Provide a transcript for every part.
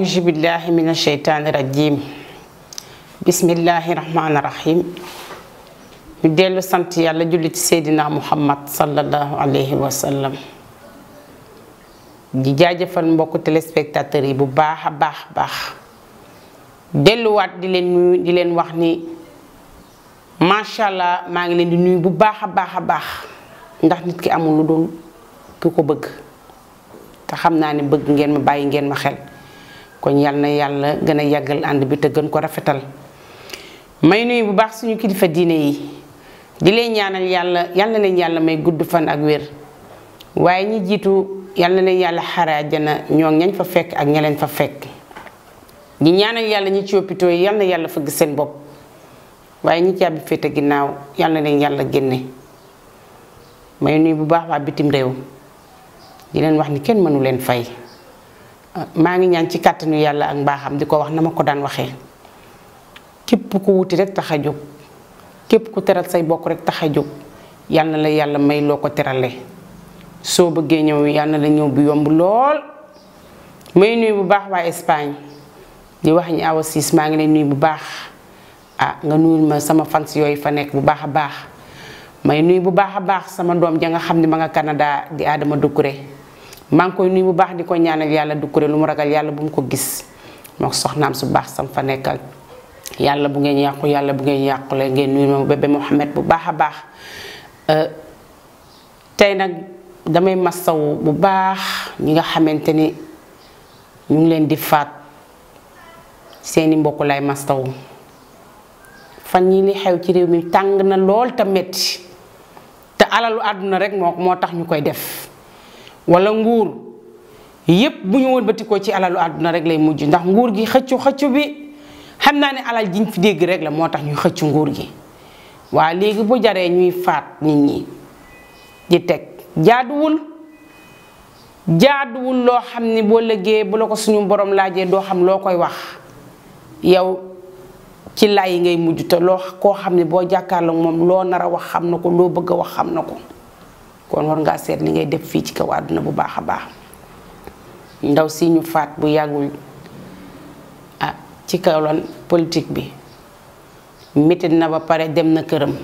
أعوذ بالله من الشيطان الرجيم بسم الله الرحمن ñu dellu sant yàlla julli ci seydina muhammad sallallahu alayhi wa sallam di jaajëfal mbokku téléspectateurs yi bu baax a baax baax delluwaat di leen nuyu di leen wax ni macha allah maa ngi leen di nuyu bu baax a baax a baax ndax nit ki amul lu dul ki ko bëgg te xam naa ne bëgg ngeen ma bàyyi ngeen ma xel kon yal na yàlla gën a yàggal ànd bi te gën ko rafetal may nuyu bu baax suñu kilifa diine yi di leen ñaanal yàlla yàlla na leen yàlla may gudd fan ak wér waaye ñi jiitu yàlla na leen yàlla xare àjjana ñoo ñañ fa fekk ak ña leen fa fekk ñi ñaanal yàlla ñi ci hôpitaux yàlla yàlla fëgg seen bopp waaye ñi caabi féete ginnaaw yàlla na leen yàlla génne may nuyu bu baax waa bitim réew di leen wax ni kenn mënu leen fay Mangin ngi ñaan ci kàttanu yalla ak di wax nama ko daan waxe kep ku wuti rek tax kep ku teral say bokk rek tax yalla la yalla may loko teralé terale soo ñew yalla la ñew bu yomb lool may nuy bu baax waa Espagne di wax ñi Awa ma ngi lay bu baax ah nga nuy ma sama fans yoy fa nek bu baax baax may nuy bu baax baax sama dom ja nga xamni ma nga Canada di Adama dukuré mang koy nuy bu baax di ko ñaanal yalla du kuré lu mu ragal yalla bu mu ko gis moo soxnam su baax sam fa nekkal yalla bu ngeen yaqku yalla bu ngeen le ngeen nuy ma bebe mohammed bu baax euh tay nak damay massaw bu baax ñi nga xamanteni ñu ngi leen di faat seeni mbokk lay massaw fan yi li xew ci rew mi tang na lol ta metti te alalu aduna rek mo tax def wala nguur yépp bu ñu wëlbatikoo ci alalu àdduna rek lay mujj ndax nguur gi xëccu xëccu bi xam naa ne alal jiñ fi dégg rek la moo tax ñuy xëccu nguur gi waa léegi bu jaree ñuy faat nit ñi di teg jaaduwul jaaduwul loo xam ni boo lëggee bu la ko suñu borom laajee doo xam loo koy wax yow ci lay yi ngay mujj te loo koo xam ne boo jàkkaarloo moom loo nar a wax xam na ko loo bëgg a wax xam na ko kon war ngaa seet li ngay def fii ci kaw àdduna bu baax a baax ndaw si ñu faat bu yàggul ah, ci kaw lan politique bi mitit na ba pare dem na këram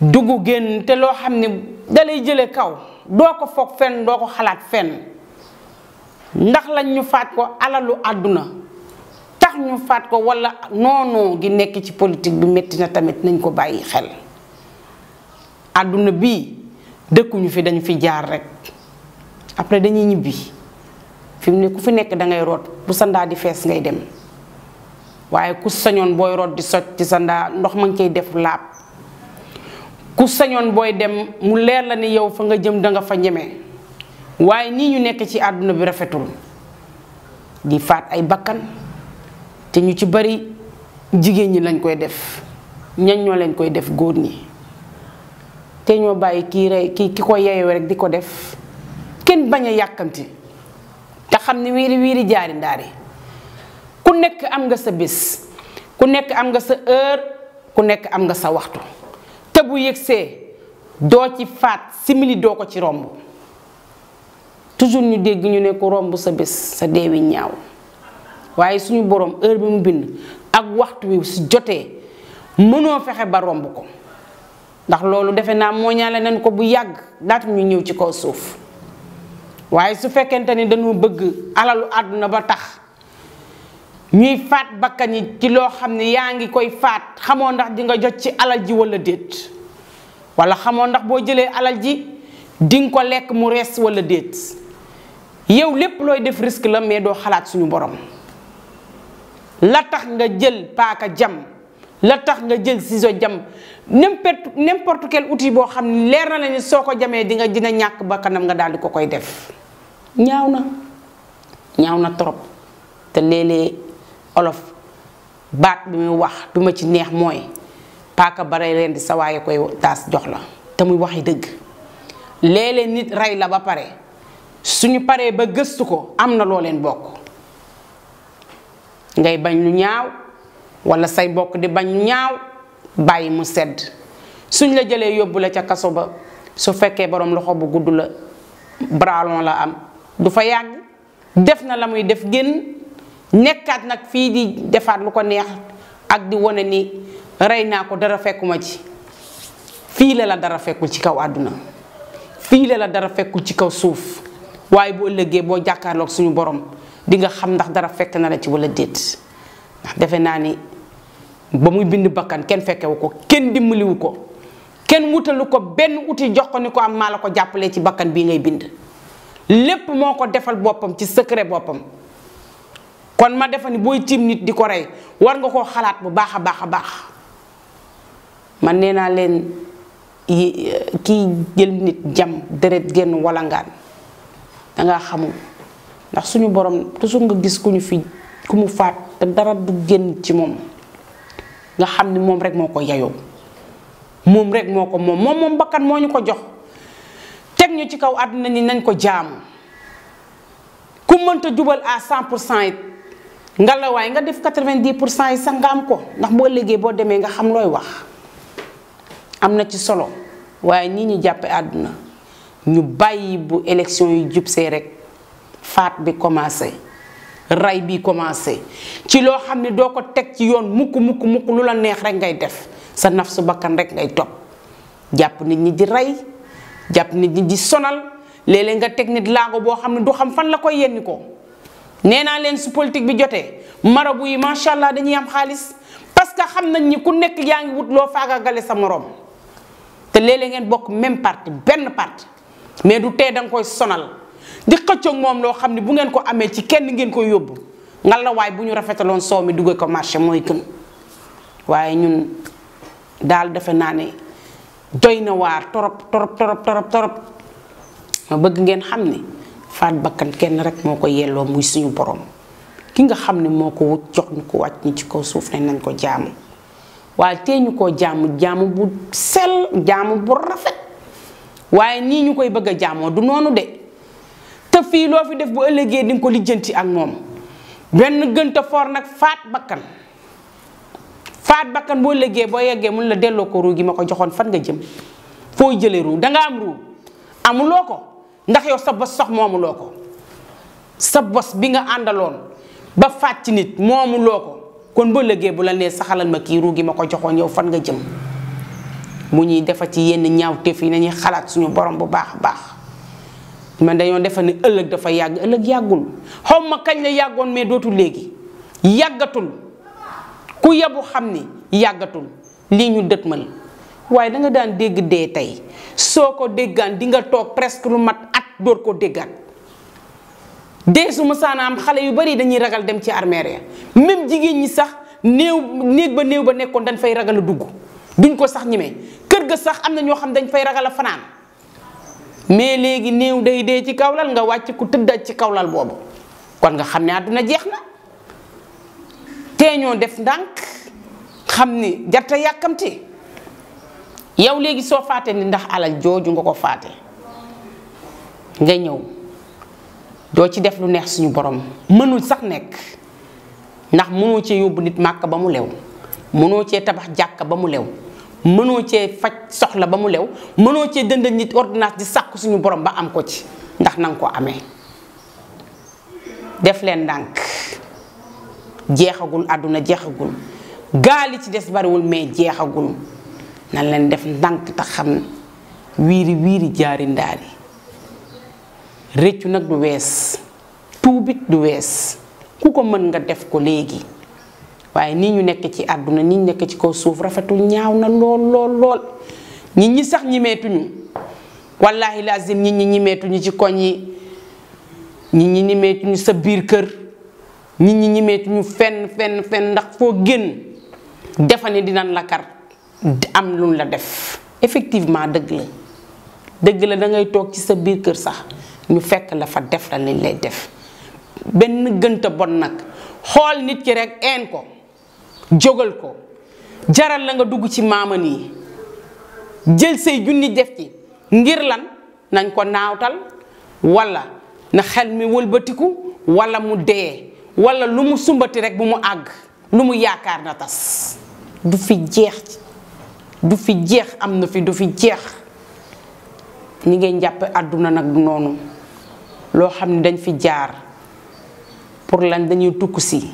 dugg génn te loo xam ne dalay jële kaw doo ko foog fenn doo ko xalaat fenn ndax lañ ñu faat ko alalu àdduna tax ñu faat ko walla noonoo gi nekk ci politik bi metti na tamit nañ ko bàyyi xel àdduna bii dëkkuñu fi dañ fi jaar rek après dañuy ñibbi fi mu ne ku fi nekk da ngay bu di fees ngay dem waaye ku sañoon boy root di soj ci sa ndaa ndox ma ngi def ku dem mu leer la ni yow fa nga jëm da nga fa ñeme waaye nii ñu nekk ci bi rafetul di fat ay bakkan te ñu ci bari jigéen ñi lañ koy def ñañ ñoo leen koy def te ñoo bàyyi kii rey ki ko yeyoo rek di ko def kenn bañ a yàkkamti te xam ni wiiri wiiri jaari ndaari ku nekk am nga sa bis ku nekk am nga sa heure ku nekk am nga sa waxtu te bu yëgsee doo ci faat simili doo ko ci romb toujours ñu dégg ñu ne ko romb sa bés sa deewi ñaaw waaye suñu boroom heure bi mu bind ak waxtu wi si jotee mënoo fexe ba romb ko ndax loolu defe naa moo ñaale nañ ko bu yàgg naat laata ñu ñëw ci kaw suuf waaye su fekkente ni dañoo bëgg alalu àdduna ba tax ñuy faat bakkan yi ci loo xam ne yaa ngi koy faat xamoo ndax di nga jot ci alal ji walla déet wala xamoo ndax boo jëlee alal ji dinga ko lekk mu rees wala déet yow lépp looy def risque la mais doo xalaat suñu borom la tax nga jël paaka jam la tax nga jël ciseau jam n'importe n'importe quel boo xam ne leer na la soo ko jamee dinga nga dina ñàkk ba kanam nga daal di ko koy def ñaaw na ñaaw na trop te léeg-léeg olof baat bi muy wax du ma ci neex mooy paaka bare leen di sa waaye koy taas jox la te muy waxi dëgg léeg-léeg nit rey la ba pare suñu paree ba gëstu ko am na loo leen bokk ngay bañ lu ñaaw walla say mbokk di bañ ñaaw bàyyi mu sedd suñ la jëlee yóbbu la ca kaso ba su fekkee boroom loxo bu gudd la bralon la am du fa yàgg def na la muy def génn nekkaat nag fii di defaat lu ko neex ak di wane ni rey naa ko dara fekkuma ci fii la la dara fekkul ci kaw àdduna fii la la dara fekkul ci kaw suuf waaye bu ëllëgee boo jàkkaarloog suñu borom di nga xam ndax dara fekk na la ci walla déet defe naa ni ba muy bind bakkan kenn fekkewu ko kenn dimbaliwu ko kenn wutalu ko benn outil jox ko ni ko am maa la ko jàppale ci bakkan bii ngay bind lépp moo ko defal boppam ci secret boppam kon ma defa ni booy tiim nit di ko rey war nga koo xalaat bu baax a baax a baax man nee naa leen kiy jël nit jam deret genn walangaan danga xamul ndax suñu borom toujours nga gis ku ñu fi ku mu faat te dara du génn ci moom nga xam ni moom rek moo ko yayoo moom rek moo ko moom moom moom bakkan moo ñu ko jox teg ñu ci kaw àdduna ni nañ ko jaamu ku mënta jubal à 100 pour cent yi nga la waay nga def 90 pour cent yi sax nga am ko ndax boo liggéey boo demee nga xam looy wax am na ci solo waaye nii ñu jàppee àdduna ñu bàyyi bu élection yu jub see rek faat bi commencé ray bii commencé ci loo xam ne doo ko teg ci yoon mukk mukk mukk lu la neex rek ngay def sa naf su bakkan rek ngay topp jàpp nit ñi di rey jàpp nit ñi di sonal léeg-léeg nga teg nit laago boo xam ne du xam fan la koy yenni ko nee naa leen su politique bi jotee marabu yi macha allah dañuy am xaalis parce que xam nañ ni ku nekk yaa ngi wut loo faagagale sa moroom te léeg-léeg ngeen bokk même parti benn parti mais du tee danga koy sonal di xëccoog moom loo xam ne bu ngeen ko amee ci kenn ngeen ko yóbbu la ngalawaay bu ñu rafetaloon soow mi duggee ko marché mooy gën waaye ñun daal defe naa ne doy na waar torop torop torop torop torop ma bëgg ngeen xam ni faat bakkan kenn rek moo ko yelloo muy suñu borom ki nga xam ni moo ko jox ñu ko wàcc ñu ci ko suuf ne nañ ko jaamu waaye tee ñu koo jaamu jaamu bu sel jaamu bu rafet waaye nii ñu koy bëgg a jaamoo du noonu de te fii loo fi def bu ëllëgee di nga ko lijjanti ak moom benn gënta for nag faat bakkan faat bakkan boo ëllëgee boo yeggee mun la delloo ko ruu gi ma ko joxoon fan nga jëm foo jëlee ruu danga am ruu amuloo ko ndax yow sax moomuloo ko sa bos bi nga àndaloon ba faat ci nit moomuloo kon boo ëllëgee bu la nee saxalal ma kii ruu gi ma ko joxoon yow fan nga jëm mu ñuy defa ci yenn ñaawteef yi nañuy xalaat suñu borom bu baax baax man dañoo defa ne ëllëg dafa yàgg ëllëg yàggul xaw kañ la yàggoon mais dootul léegi yàggatul ku yabu xam ni yàggatul lii ñu mën waaye danga daan dégg dee tey soo ko déggaan di nga toog presque lu mat at door koo déggaan dee su mësaan am xale yu bari dañuy ragal dem ci armeer ya même jigéen ñi sax néew néeg ba néew ba nekkoon dañ fay ragal a dugg duñ ko sax ñemee kër ga sax am na ñoo xam dañ fay ragal a fanaan mais léegi néew day dee ci kawlal nga wàcc ku tëddal ci kawlal boobu kon nga xam ne àdduna jeex na teeñoo def ndànk xam ni jarta yàkkamti yow léegi soo faate ni ndax alal jooju nga ko faate nga ñëw doo ci def lu neex suñu borom mënul sax nekk ndax mënoo ci yóbbu nit màkk ba mu lew mënoo cee tabax jàkk ba mu lew mënoo cee faj soxla ba mu lew mënoo cee dënd nit ordonnance di sàkku suñu borom ba am ko ci ndax nanga ko amee def leen ndànk jeexagul àdduna jeexagul gaali ci des bariwul mais jeexagul na leen def ndànk te xam wiiri wiiri jaari ndaari réccu nag du wees tuubit du wees ku ko mën nga def ko léegi waaye nii ñu nekk ci àdduna nii ñu nekk ci kaw suuf rafetul ñaaw na lool lool lool nit ñi sax ñimeetuñu wallaahi lazim nit ñi ñimeetuñu ci koñ yi nit ñi ñimeetuñu sa biir kër nit ñi ñimeetuñu fenn fenn fenn ndax foo génn defal ne dina la kar am luñ la def effectivement dëgg la dëgg la dangay toog ci sa biir kër sax ñu fekk la fa def la lañ lay def benn gënta bon nag xool nit ki rek een ko jogal ko jaral la nga dugg ci Jel jël sey jundi def ci ngir lan nañ ko nawtal wala na xel mi wëlbatiku wala mu wala lu mu sumbati rek bu mu ag lu mu yaakaar na tas du fi jeex du fi jeex am fi du fi jeex ni ngeen jàppe aduna nak du nonu loo dañ fi jaar pour lan dañuy tukki si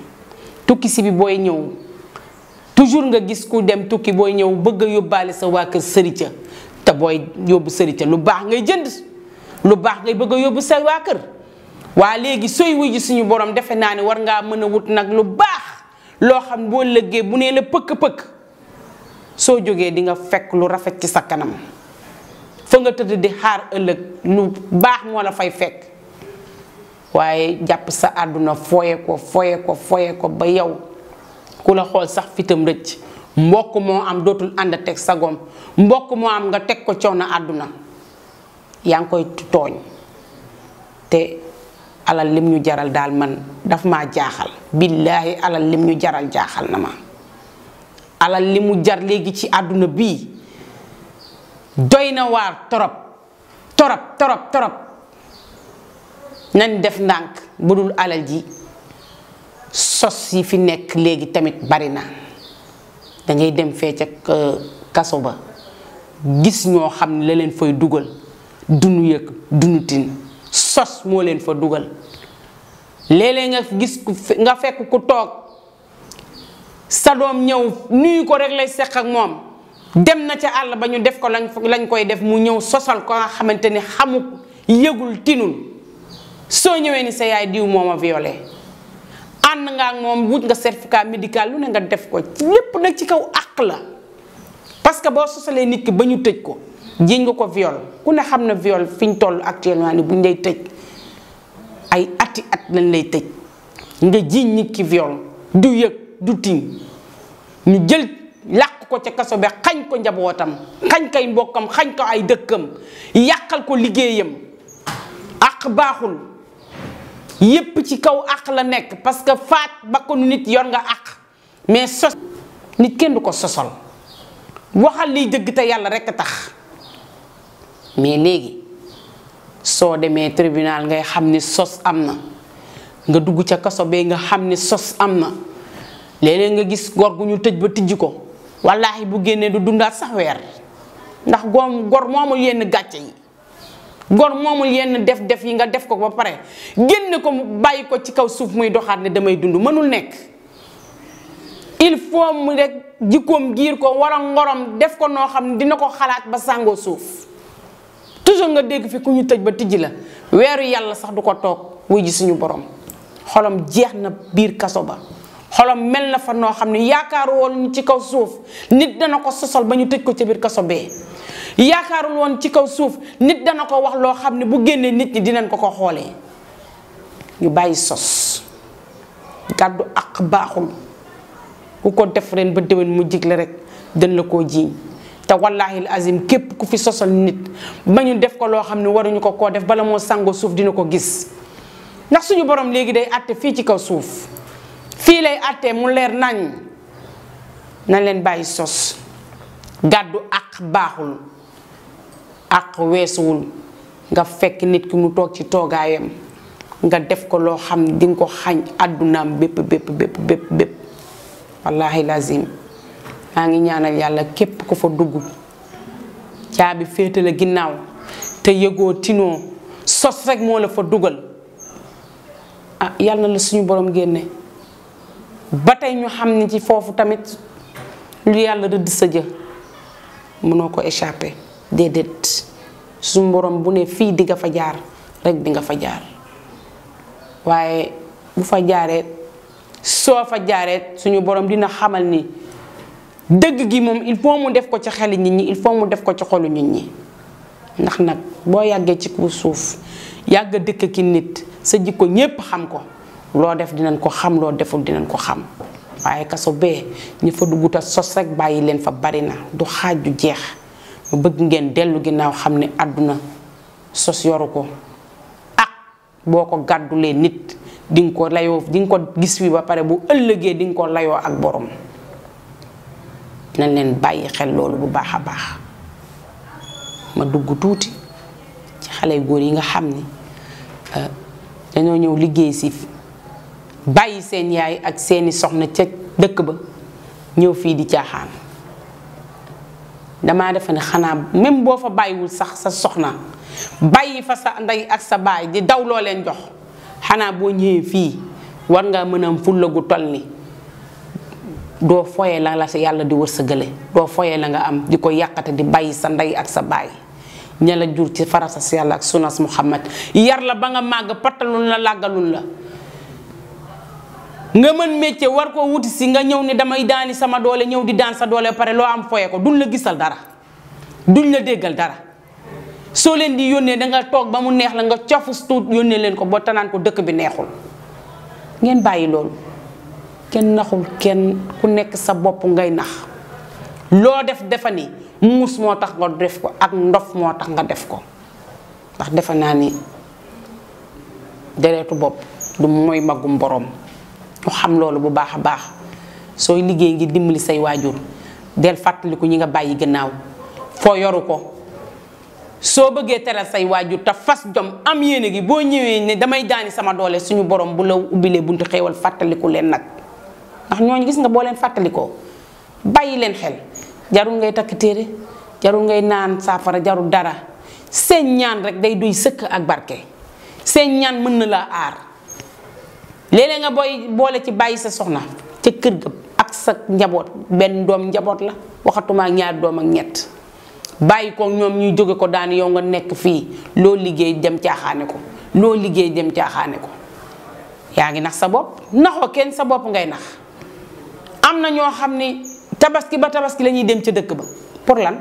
tukki si bi boy ñew toujours nga gis ku dem tukki booy ñëw bëgg a yóbbaale sa waa kër sëri ca te booy yóbbu sëri ca lu baax ngay jënd lu baax ngay bëgg a yóbbu sa waa kër waa léegi sooy wuy ji suñu borom defe naa ne war ngaa mën a wut nag lu baax loo xam boo lëggee bu nee la pëkk-pëkk soo jógee dinga fekk lu rafet ci sa kanam fa nga tëdd di xaar ëllëg lu baax moo la fay fekk waaye jàpp sa àdduna fooye ko fooye ko fooye ko ba yow ku la xool sax fitam rëcc mbokk moo am dootul ànd teg sagoom mbokk moo am nga teg ko coono àdduna yaa ngi koy tooñ te alal lim ñu jaral daal man daf ma jaaxal billaahi alal lim mu jaral jaaxal na ma alal li mu jar léegi ci àdduna bii doy na waar torop torop torop torop nañ def ndànk bu dul alal ji sos yi fi nekk léegi tamit bari na da dem fee euh, ca kaso ba gis ñoo xam ne la leen fay dugal dunu yëg dunu tin sos moo leen fa dugal léeg-léeg nga gis nga fekk ku toog sa doom ñëw nuyu ko rek lay seq ak moom dem na ca àll ba ñu def ko lañ lañ koy def mu ñëw sosal ko nga xamante ni xamuk yëgul tinul soo ñëwee ni sa yaay diw mooma violé ànd nga ak moom wut nga certificat médical lu ne nga def ko lépp nag ci kaw àq la parce que boo sosalee nit ki ba ñu tëj ko jiiñ nga ko viol ku ne xam na viol fi ñu toll actuellement ni bu ñu lay tëj ay ati at lañ lay tëj nga jiiñ nit ki viol du yëg du tiñ ñu jël làq ko ca kaso bi xañ ko njabootam xañ kay mbokkam xañ ko ay dëkkam yàqal ko liggéeyam àq baaxul yépp ci kaw àq la nekk parce que faat bakkanu nit yor nga àq mais sos nit kenn du ko sosol waxal liy jëgg te yàlla rekk a tax mais léegi soo demee tribunal ngay xam ni sos am na nga dugg ca kaso bee nga xam ni sos am na léeg nga gis gor gu ñu tëj ba tijj ko wallaahi bu génnee du dundaat sax weer ndax goom gor moo yenn gàcce yi gor moomul yenn def def yi nga def ko ba pare génn ko bàyyi ko ci kaw suuf muy doxaat ne damay dund mënul nekk il faut mu rek jikkoom giir ko war a ngorom def ko noo xam ne dina ko xalaat ba sàngoo suuf toujours nga dégg fi ku ñu tëj ba tijji la weeru yàlla sax du ko toog wuy ji suñu borom xolom jeex na biir kaso ba xolom mel na fa noo xam ne yaakaar woon ci kaw suuf nit dana ko sosol ba ñu tëj ko ci biir kaso bee yaakaarul woon ci kaw suuf nit dana ko wax loo xam ne bu génnee nit ñi dinañ ko ko xoolee ñu bàyyi sos gàddu ak baaxul ku ko def ren ba dewen mu jigle la rek dañ la koo jiiñ te wallahi azim képp ku fi sosal nit ba ñu def ko loo xam ne waruñu ko koo def bala moo sangoo suuf dina ko gis ndax suñu boroom léegi day àtte fii ci kaw suuf fii lay àttee mu leer nañ nañ leen bàyyi sos gàddu ak baaxul àq weesuwul nga fekk nit ki mu toog ci toogaayam nga def ko loo xam ne di ko xañ àddunaam bépp bépp bépp bépp lazim maa ngi ñaanal yàlla képp ku fa dugg caabi féete la ginnaaw te yëgoo tinoo sos rek moo la fa dugal ah yàlla la suñu boroom génne ba tey ñu xam ne ci foofu tamit lu yàlla rëdd sa jë mënoo ko échappé déedéet suñu borom bu ne fii di nga fa jaar rek di nga fa jaar waaye bu fa jaaree soo fa jaaree suñu borom dina xamal ni dëgg gi moom il faut mu def ko ci xeli nit ñi il faut mu def ko ci xolu nit ñi ndax nag boo yàggee ci ku suuf yàgg dëkk ki nit sa jikko ñépp xam ko loo def dinañ ko xam loo deful dinañ ko xam waaye kaso bee ñi fa dugguta sos rek bàyyi leen fa bari na du xaaj du jeex bëgg ngeen dellu ginnaaw xam ne àdduna sos yoru ko ak boo ko gàddulee nit di ko layoo di nga ko gis wi ba pare bu ëllëgee di nga ko layoo ak borom nañ leen bàyyi xel loolu bu baax a baax ma dugg tuuti ci xale yu góor yi nga xam ni euh, dañoo ñëw liggéey si bàyyi seen yaay ak seeni soxna ca dëkk ba ñëw fii di caaxaan damaa defe ne xanaa même boo fa bàyyiwul sax sa soxna bàyyi fa sa ndey ak sa baay di daw loo leen jox xanaa boo ñëwee fii war ngaa mën a am fulla gu toll ni doo foyee la la sa yàlla di sa wërsëgale doo foyee la nga am di ko yàqate di bàyyi sa ndey ak sa baay ña la jur ci farasas yàlla ak sunas muhammad yar la ba nga màgg pattalul la làggalul la nga mën métier war koo wuti si nga ñëw ni damay daani sama doole ñëw di daan sa doole pare loo am foye ko duñ la gisal dara duñ la déggal dara soo leen di yónnee da nga toog ba mu neex la nga cofus tuut yónnee leen ko boo tanaan ko bi neexul ngeen bàyyi loolu kenn naxul kenn ku nekk sa bopp ngay nax loo def defa muus moo tax nga def ko ak ndof moo tax nga def ko ndax defe naa ni deretu bopp du mooy magum boroom ñu xam loolu bu baax baax soy liggéey ngi dimbali say wajur del fàttaliku ñi nga bayyi gannaaw fo yoru ko So bëggee teral say wajur ta fas jom am yene gi bo ñëwee ne damay daani sama doole suñu borom bu la ubilé buntu xéewal fàttaliku Nak nak ndax ñooñu gis nga len leen fàttalikoo bayyi len xel jarul ngay tak téré jarul ngay naan safara jarul dara señ ñaan rek day duy sëkk ak barké señ ñaan mën na léeg nga booy boole ci bàyyi sa soxna ca kër ga ak sa njaboot benn doom njaboot la waxatuma ak ñaar doom ak ñett bàyyi ko ñoom ñuy jóge ko daan yow nga nekk fii loo liggéey dem caaxaane ko loo liggéey dem caaxaane ko yaa ngi nax sa bopp naxoo kenn sa bopp ngay nax am na ñoo xam ne tabaski ba tabaski lañuy dem ca dëkk ba pour lan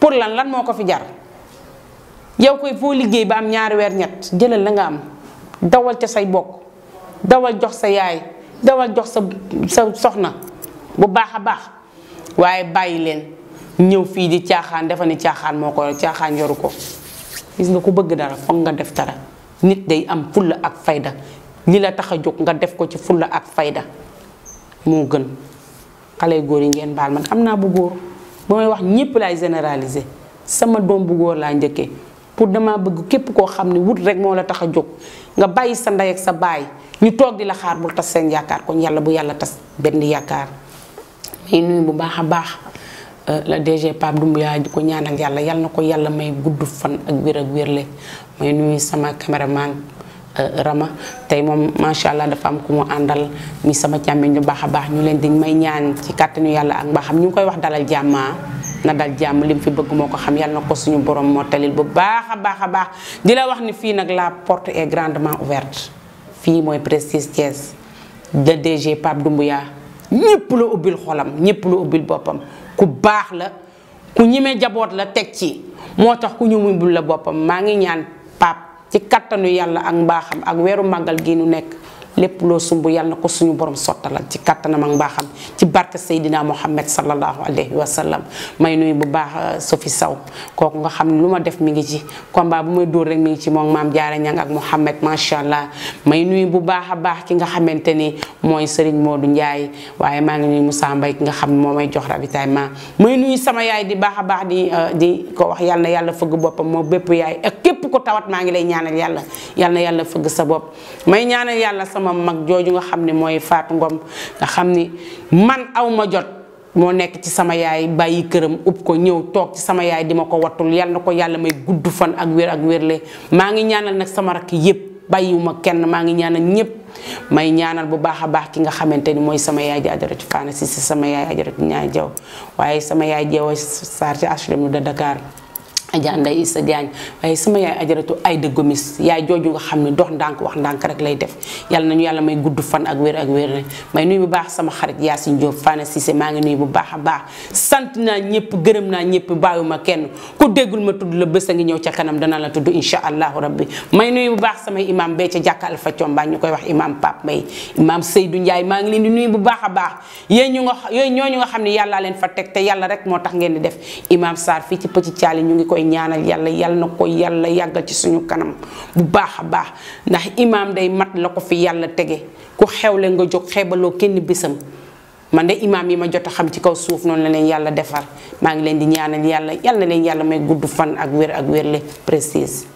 pour lan lan moo ko fi jar yow koy foo liggéey ba am ñaari weer ñett jëlal la nga am dawal ca say bokk dawal jox sa yaay dawal jox sa sa soxna bu baax a baax waaye bàyyi leen ñëw fii di caaxaan dafa ne caaxaan moo ko caaxaan yoru ko gis nga ku bëgg dara foog nga def tara nit day am fulla ak fayda li la tax a jóg nga def ko ci fulla ak fayda moo gën xale yu góor yi ngeen baal man am naa bu góor ba may wax ñépp laay généralise sama doom bu góor laa njëkke pour dama bëgg képp ko xamni wut rek mo la taxa a nga bayyi sa nday ak sa bay ñu tok di la xaar bu tass seen yaakar kon yàlla bu yalla tas benn yaakar may nuy bu baaxa baax euh, la DG Pape Doumbouya di ko ñaanal yàlla yalla na ko may guddu fan ak wér ak wérle may nuy sama cameraman euh, Rama tey ma macha allah dafa am kumu andal mi sama chamé ñu baaxa baax ñu leen di may ñaan ci kàttanu yalla ak mbaaxam ñu koy wax dalal jamaa na dal jàmm lim fi bëgg moo ko xam yàlla na ko suñu borom moo talil bu baax a baax a baax di la wax ni fii nag la porte et grandement ouverte fii mooy Prestige Thiès le DG Pape Doumbouya ñëpp la ubbil xolam ñëpp la ubbil boppam ku baax la ku ñime jaboot la teg ci moo tax ku ñu ubbil la boppam maa ngi ñaan Pape ci kattanu yàlla ak mbaaxam ak weeru màggal gi nu nekk lepp lo sumbu yalla ko suñu borom sotala ci katanam ak baxam ci barke sayidina muhammad sallallahu alaihi wasallam may nuy bu baax euh, sofi Saw kooku nga xamni luma def mi ngi ci combat bu may door rek mi ngi ci moom mam Jaara Ñang ak Mohamed macha allah may nuy bu baax baax ki nga xamanteni ni Serigne Modou ndjay waye ma ngi nuy musa mbay ki nga xamni jox ravitaillement may nuy sama yaay di baax di euh, di ko wax yalla yalla feug bopam mo bepp yaay ak kep ko tawat ma ngi lay ñaanal yalla yalla yalla feug sa bop may ñaanal yalla ma mag jooju nga xam ne mooy Faatu ngoom nga xam ni man aw ma jot moo nekk ci sama yaay bàyyi këram ub ko ñëw toog ci sama yaay di ma ko wattul yal na ko yàlla may gudd fan ak wér ak wérle maa ngi ñaanal nag sama rakk yépp bàyyiwuma kenn maa ngi ñaanal ñëpp may ñaanal bu baax a baax ki nga xamante ni mooy sama yaay ji ajaratu Fana si si sama yaay ajaratu ñaay jaw waaye sama yaay jeewoo Sarr ci HLM de Dakar Adja Ndeye Issa Diagne waaye Gomis yaay jooju nga xam ne dox ndànk wax ndànk rek lay def yàlla nañu yàlla may gudd fan ak wér ak wér ne may nuyu bu baax sama xarit Yacine Diop Fana Cissé maa ngi nuyu bu baax a baax naa ñëpp gërëm naa kenn ku ma tudd la bés a ngi ñëw ca kanam dana la tudd insha allahu rabbi may nuyu bu baax samay imam bay ca jàkka Alpha Combaan ñu koy wax imam Pape May imam Seydou Ndiaye maa ngi leen di nuyu bu baax a baax yéen ñu nga yooyu ñooñu nga xam ne yàllaa leen fa teg te yàlla rek moo tax ngeen di def imam Sarr fii ci Petit Thialy ñu ngi koy koy ñaanal yàlla yàlla na ko yàlla yàggal ci suñu kanam bu baax a baax ndax imaam day mat la ko fi yàlla tege ku xew leen nga jóg xeebaloo kenn bisam man de imaam yi ma jot a xam ci kaw suuf noonu la leen yàlla defar maa ngi leen di ñaanal yàlla yàlla na leen yàlla may gudd fan ak wér ak wér le précise